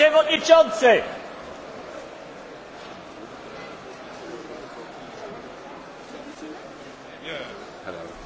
przewodniczący! Hello.